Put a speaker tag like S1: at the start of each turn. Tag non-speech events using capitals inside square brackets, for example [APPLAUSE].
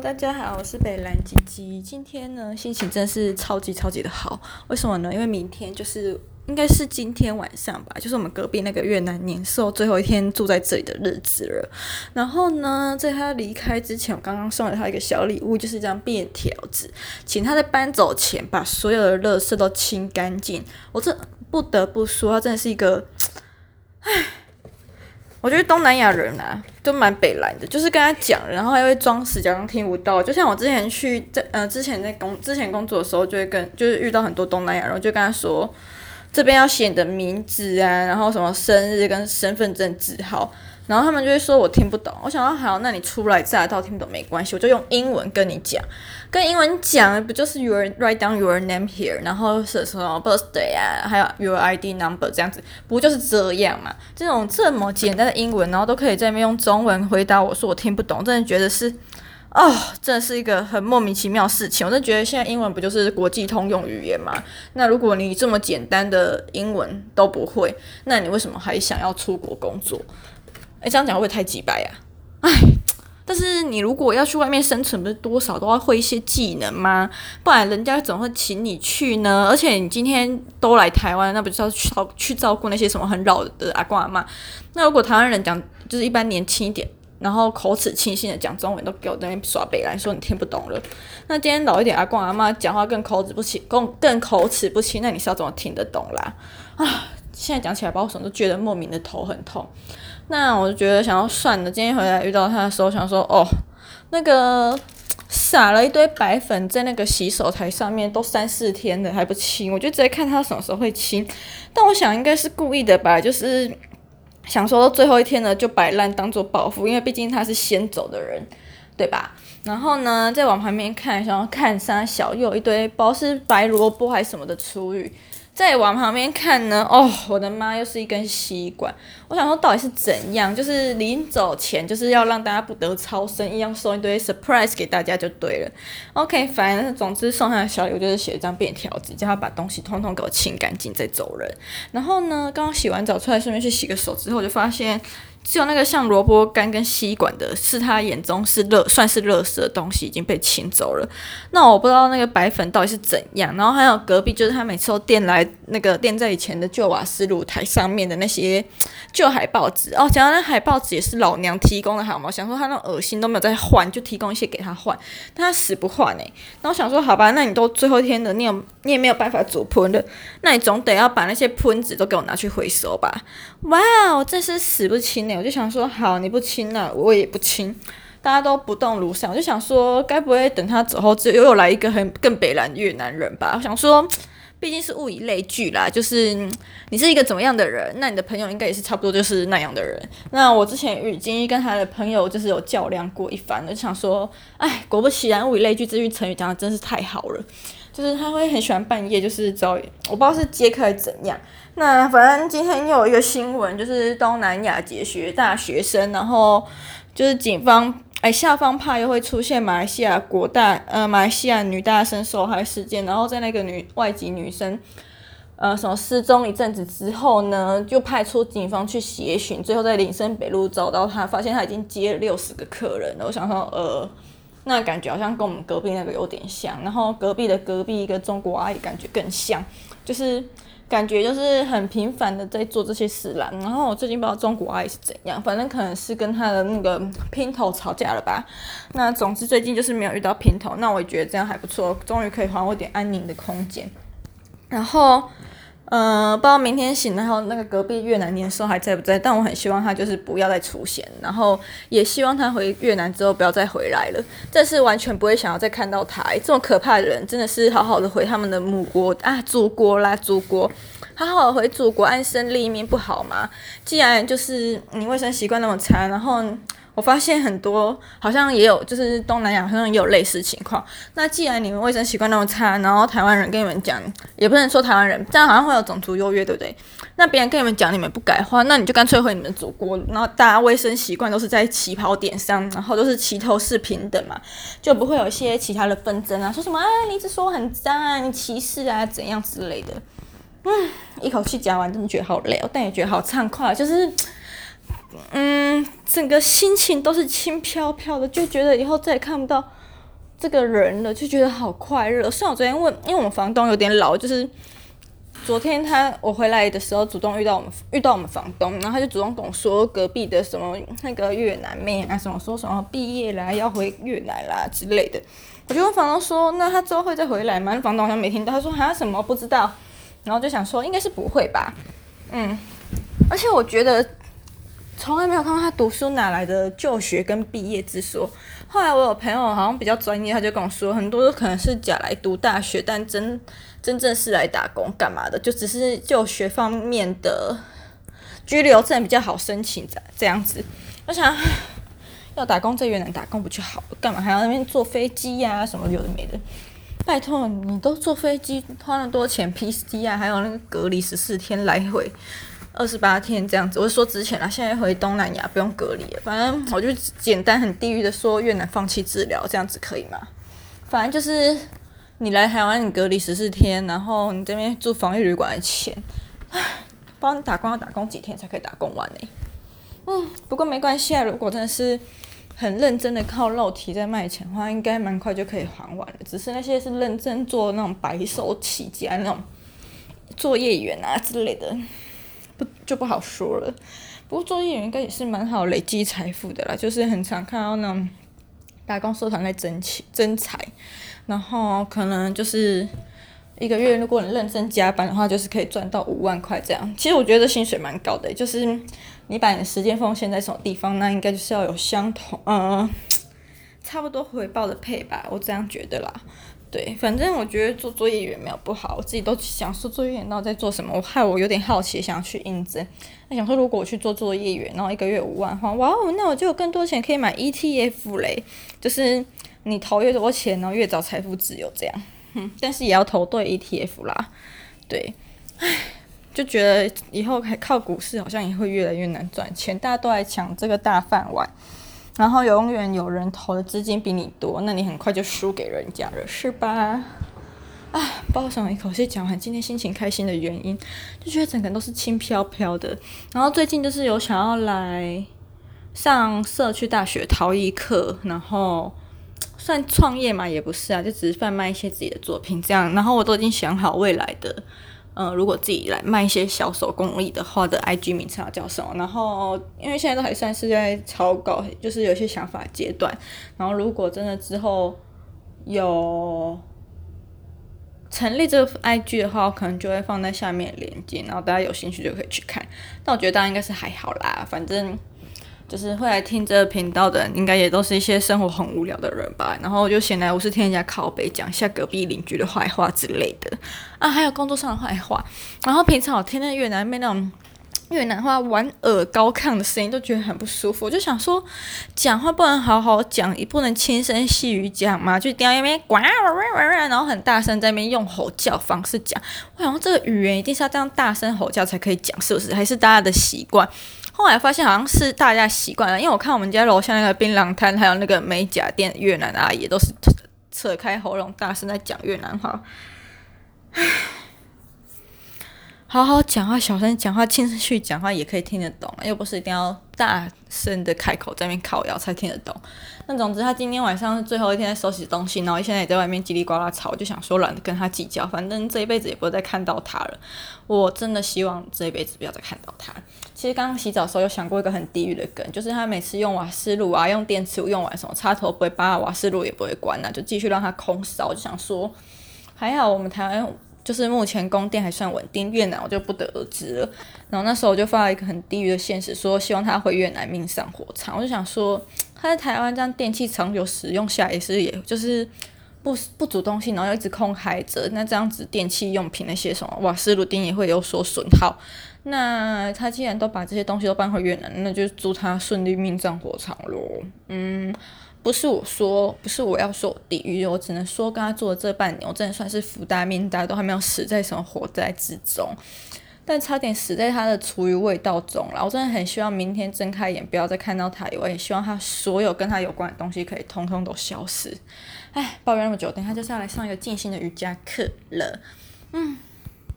S1: 大家好，我是北藍姐姐。今天呢，心情真是超級超級的好。為什麼呢？因為明天就是應該是今天晚上吧，就是我們隔壁那個越南年獸最後一天住在這裡的日子了。然後呢，在他離開之前，我剛剛送了他一個小禮物，就是一張便條紙，請他在搬走前把所有的垃圾都清乾淨。我這不得不說，他真的是一個，唉。我覺得東南亞人啊，都蠻北爛的，就是跟他講，然後還會裝死假裝聽不到。就像我之前去在呃之前在工之前工作的時候，就會跟就是遇到很多東南亞人，我就跟他說，這邊要寫你的名字啊，然後什麼生日跟身份證字號。然後他們就會說：“我聽不懂。”我想到好，那你出來再，到聽不懂沒關係，我就用英文跟你講，跟英文講的不就是 your write down your name here，然後是什麼 birthday 啊，還有 your ID number 這樣子，不就是這樣嘛？這種這麼簡單的英文，然後都可以在那邊用中文回答我說我聽不懂，真的覺得是，哦，真的是一個很莫名其妙的事情。我就覺得現在英文不就是國際通用語言嘛？那如果你這麼簡單的英文都不會，那你為什麼還想要出國工作？哎，這樣講會不會太直白呀？哎，但是你如果要去外面生存，不是多少都要會一些技能嗎？不然人家怎麼會請你去呢？而且你今天都來台灣，那不就要去照去照顧那些什麼很老的阿公阿嬤？那如果台灣人講就是一般年輕一點，然後口齒清晰的講中文，都給我在那邊耍白爛，說你聽不懂了。那今天老一點阿公阿嬤講話更口齒不清，更更口齒不清，那你是要怎麼聽得懂啦？啊，現在講起來，把我什麼都覺得莫名的頭很痛。那我就覺得想要算了，今天回來遇到他的時候，想說哦，那個撒了一堆白粉在那個洗手台上面，都三四天了還不清，我就直接看他什麼時候會清。但我想應該是故意的吧，就是想說最後一天呢就擺爛當做報復，因為畢竟他是先走的人，對吧？然後呢再往旁邊看，想要看三小又一堆包是白蘿蔔還什麼的廚餘。再往旁邊看呢，哦，我的媽，又是一根吸管。我想說，到底是怎樣？就是臨走前，就是要讓大家不得超生，一樣送一堆 surprise 給大家就對了。OK，反正總之送他的小禮物就是寫一張便條紙，叫他把東西通通給我清乾淨再走人。然後呢，剛剛洗完澡出來，順便去洗個手之後，我就發現。只有那個像蘿蔔乾跟吸管的，是他眼中是熱，算是垃圾的東西已經被清走了。那我不知道那個白粉到底是怎樣。然後還有隔壁就是他每次都墊來那個墊在以前的舊瓦斯爐台上面的那些舊海報紙哦，講到那海報紙也是老娘提供的，好嗎？我想說他那惡心都沒有在換，就提供一些給他換，但他死不換哎、欸。那我想說好吧，那你都最後一天了，你有你也沒有辦法煮烹了，那你總得要把那些噴子都給我拿去回收吧？哇哦，真是死不清。我就想說，好，你不親了、啊，我也不親，大家都不動如山。我就想說，該不會等他走後，又又來一個很更北爛的越南人吧？我想說，畢竟是物以類聚啦，就是你是一個怎麼樣的人，那你的朋友應該也是差不多就是那樣的人。那我之前已經跟他的朋友就是有較量過一番，我就想說，哎，果不其然，物以類聚這句成語講得真是太好了。就是他會很喜歡半夜，就是找我不知道是接客怎樣。那反正今天又有一個新聞，就是東南亞結學大學生，然後就是警方哎校方怕又會出現馬來西亞國大呃馬來西亞女大學生受害事件，然後在那個女外籍女生呃什麼失蹤一陣子之後呢，就派出警方去協尋，最後在林森北路找到她，發現她已經接了六十個客人。然後我想說呃。那感覺好像跟我們隔壁那個有點像，然後隔壁的隔壁一個中國阿姨感覺更像，就是感覺就是很頻繁的在做這些事啦。然後我最近不知道中國阿姨是怎樣，反正可能是跟她的那個姘頭吵架了吧。那總之最近就是沒有遇到姘頭，那我也覺得這樣還不錯，終於可以還我點安寧的空間。然後。呃、嗯，不知道明天醒，然後，那個隔壁越南年獸還在不在？但我很希望他就是不要再出現，然後也希望他回越南之後不要再回來了。這是完全不會想要再看到他，欸、這種可怕的人，真的是好好的回他們的母國啊，祖國啦，祖國，好好的回祖國安身立命不好嗎？既然就是你衛生習慣那麼差，然後。我發現很多好像也有，就是東南亞好像也有類似情況。那既然你們衛生習慣那麼差，然後台灣人跟你們講，也不能說台灣人，這樣好像會有種族優越，對不對？那別人跟你們講，你們不改的話，那你就乾脆回你們祖國。然後大家衛生習慣都是在起跑點上，然後都是齊頭式平等嘛，就不會有一些其他的紛爭啊，說什麼啊、哎，你一直說我很髒啊，你歧視啊，怎樣之類的。嗯，一口氣講完，真的覺得好累、哦，但也覺得好暢快，就是。嗯，整個心情都是輕飄飄的，就覺得以後再也看不到這個人了，就覺得好快樂。像我昨天問，因為我們房東有點老，就是昨天他我回來的時候主動遇到我們遇到我們房東，然後他就主動跟我說隔壁的什麼那個越南妹啊，什麼說什麼畢業啦要回越南啦之類的。我就問房東說，那他之後會再回來嗎？房東好像沒聽到，他說還有、啊、什麼不知道，然後就想說應該是不會吧，嗯，而且我覺得。從來沒有看過他讀書哪來的就學跟畢業之說。後來我有朋友好像比較專業，他就跟我說，很多都可能是假來讀大學，但真真正是來打工幹嘛的，就只是就學方面的居留證比較好申請。這樣子，我想要打工在越南打工不就好？幹嘛還要那邊坐飛機呀？什麼有的沒的？拜托，你都坐飛機花了多錢？PCR 啊，還有那個隔離十四天來回。二十八天這樣子，我說之前啦，現在回東南亞不用隔離，反正我就簡單很地獄的說，越南放棄治療，這樣子可以嗎？反正就是你來台灣，你隔離十四天，然後你這邊住防疫旅館的錢，唉，幫你打工要打工幾天才可以打工完呢、欸？嗯，不過沒關係啊，如果真的是很認真的靠肉體在賣錢的話，應該蠻快就可以還完了。只是那些是認真做那種白手起家那種作業員啊之類的。就不好說了，不過做藝人應該也是蠻好累積財富的啦，就是很常看到那種打工社團在爭錢爭財，然後可能就是一個月，如果你認真加班的話，就是可以賺到五萬塊這樣。其實我覺得薪水蠻高的、欸，就是你把你的時間奉獻在什麼地方，那應該就是要有相同，嗯、呃，差不多回報的配吧，我這樣覺得啦。對，反正我覺得做作業也沒有不好，我自己都想說作業員到在做什麼，我害我有點好奇，想要去應徵。那想說如果我去做作業員，然後一個月五萬的話，哇哦，那我就有更多錢可以買 ETF 嘞，就是你投越多錢，然後越早財富自由這樣。哼、嗯，但是也要投對 ETF 啦，對，唉，就覺得以後還靠股市，好像也會越來越難賺錢，大家都來搶這個大飯碗。然後永遠有人投的資金比你多，那你很快就輸給人家了，是吧？啊，不好意思一口氣講完今天心情開心的原因，就覺得整個人都是輕飄飄的。然後最近就是有想要來上社區大學陶藝課，然後算創業嘛，也不是啊，就只是販賣一些自己的作品這樣。然後我都已經想好未來的。嗯、呃，如果自己來賣一些小手工藝的話的、這個、IG 名稱叫什麼？然後因為現在都還算是在草稿，就是有些想法階段。然後如果真的之後有成立這個 IG 的話，可能就會放在下面鏈接，然後大家有興趣就可以去看。但我覺得大家應該是還好啦，反正。就是會來聽這個頻道的人，應該也都是一些生活很無聊的人吧。然後就閒來，我是聽人家靠北講一下隔壁鄰居的壞話之類的啊，還有工作上的壞話。然後平常我聽那越南妹那種越南話玩耳高亢的聲音，都覺得很不舒服。我就想說，講話不能好好講，也不能輕聲細語講嘛，就聽到那邊呱，然後很大聲在那邊用吼叫方式講。我想說這個語言一定是要這樣大聲吼叫才可以講，是不是？還是大家的習慣？後來發現好像是大家習慣了，因為我看我們家樓下那個檳榔攤，還有那個美甲店越南阿姨，都是扯開喉嚨大聲在講越南話。 [LAUGHS] 好好講話，小聲講話，輕聲去講話也可以聽得懂，又不是一定要大聲的開口在那邊靠腰才聽得懂。那總之，他今天晚上最後一天在收拾東西，然後現在也在外面嘰裡呱啦吵，就想說懶得跟他計較，反正這一輩子也不會再看到他了。我真的希望這一輩子不要再看到他。其實剛剛洗澡的時候有想過一個很地獄的梗，就是他每次用瓦斯爐啊、用電磁爐用完什麼插頭不會拔，瓦斯爐也不會關了，啊，就繼續讓他空燒。我就想說，還好我們台灣。就是目前供電還算穩定，越南我就不得而知了。然後那時候我就發了一個很低於的現實，說希望他回越南命喪火場。我就想說，他在台灣這樣電器長久使用下來也是，也就是不不煮東西，然後一直空開着，那這樣子電器用品那些什麼瓦斯爐丁也會有所損耗。那他既然都把這些東西都搬回越南，那就祝他順利命喪火場咯。嗯。不是我說，不是我要說我抵禦，我只能說跟他做了這半年，我真的算是福大命大，都還沒有死在什麼火災之中，但差點死在他的廚餘味道中了。我真的很希望明天睜開眼不要再看到他以外，我也希望他所有跟他有關的東西可以通通都消失。哎，抱怨那麼久，等一下就是要來上一個靜心的瑜伽課了，嗯。